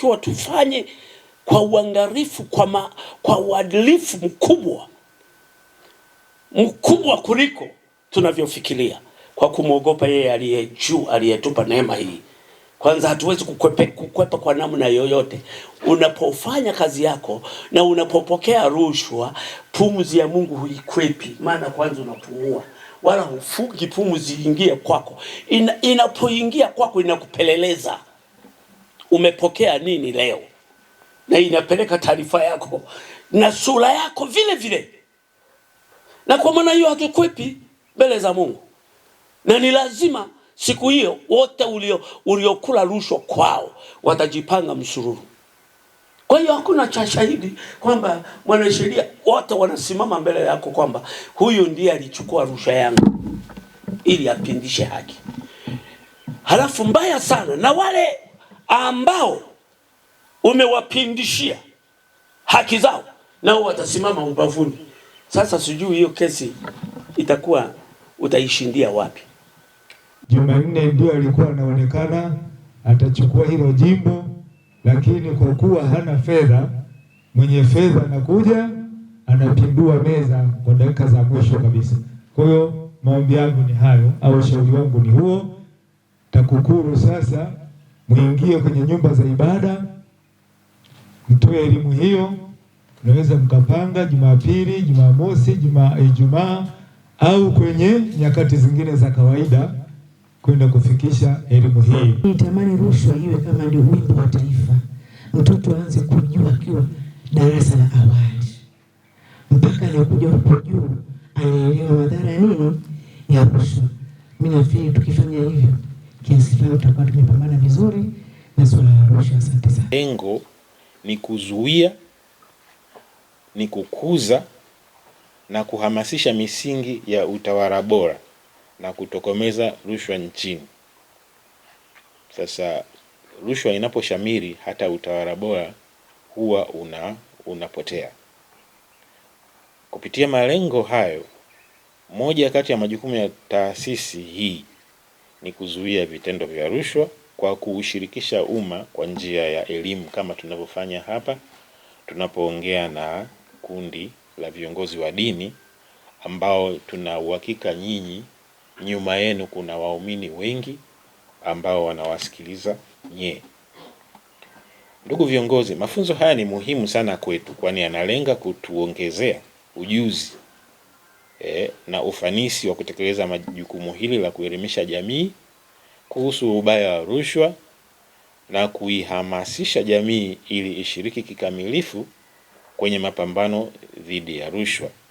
tunatakiwa tufanye kwa uangalifu, kwa, ma, kwa uadilifu mkubwa mkubwa kuliko tunavyofikiria kwa kumwogopa yeye aliye juu aliyetupa neema hii. Kwanza hatuwezi kukwepe, kukwepa kwa namna yoyote. Unapofanya kazi yako na unapopokea rushwa, pumzi ya Mungu huikwepi, maana kwanza unapumua wala hufungi pumzi ingie kwako. Ina, inapoingia kwako inakupeleleza umepokea nini leo, na inapeleka taarifa yako na sura yako vile vile, na kwa maana hiyo hatukwepi mbele za Mungu, na ni lazima siku hiyo wote ulio uliokula rushwa kwao watajipanga msururu. Kwa hiyo hakuna cha shahidi kwamba mwanasheria, wote wanasimama mbele yako kwamba huyu ndiye alichukua rushwa yangu ili apindishe haki. Halafu mbaya sana na wale ambao umewapindishia haki zao, nao watasimama ubavuni. Sasa sijui hiyo kesi itakuwa utaishindia wapi? Jumanne ndio alikuwa anaonekana atachukua hilo jimbo, lakini kwa kuwa hana fedha, mwenye fedha anakuja anapindua meza kwa dakika za mwisho kabisa. Kwa hiyo maombi yangu ni hayo, au ushauri wangu ni huo. TAKUKURU sasa muingie kwenye nyumba za ibada, mtoe elimu hiyo. unaweza mkapanga Jumapili, Jumamosi, Jumaa, Ijumaa au kwenye nyakati zingine za kawaida kwenda kufikisha elimu hii. Nitamani rushwa iwe kama ndio wimbo wa taifa, mtoto aanze kujua akiwa darasa la awali, mpaka anakuja huko juu anaelewa madhara nini ya rushwa. Mimi nafikiri tukifanya hivyo kiasi fulani tutakuwa tumepambana vizuri na suala la rushwa. Asante sana. Lengo ni kuzuia, ni kukuza na kuhamasisha misingi ya utawala bora na kutokomeza rushwa nchini. Sasa rushwa inaposhamiri, hata utawala bora huwa una unapotea. Kupitia malengo hayo, moja kati ya majukumu ya taasisi hii ni kuzuia vitendo vya rushwa kwa kuushirikisha umma kwa njia ya elimu kama tunavyofanya hapa tunapoongea na kundi la viongozi wa dini ambao tuna uhakika nyinyi, nyuma yenu kuna waumini wengi ambao wanawasikiliza nye Ndugu viongozi, mafunzo haya ni muhimu sana kwetu, kwani yanalenga kutuongezea ujuzi eh, na ufanisi wa kutekeleza majukumu hili la kuelimisha jamii kuhusu ubaya wa rushwa na kuihamasisha jamii ili ishiriki kikamilifu kwenye mapambano dhidi ya rushwa.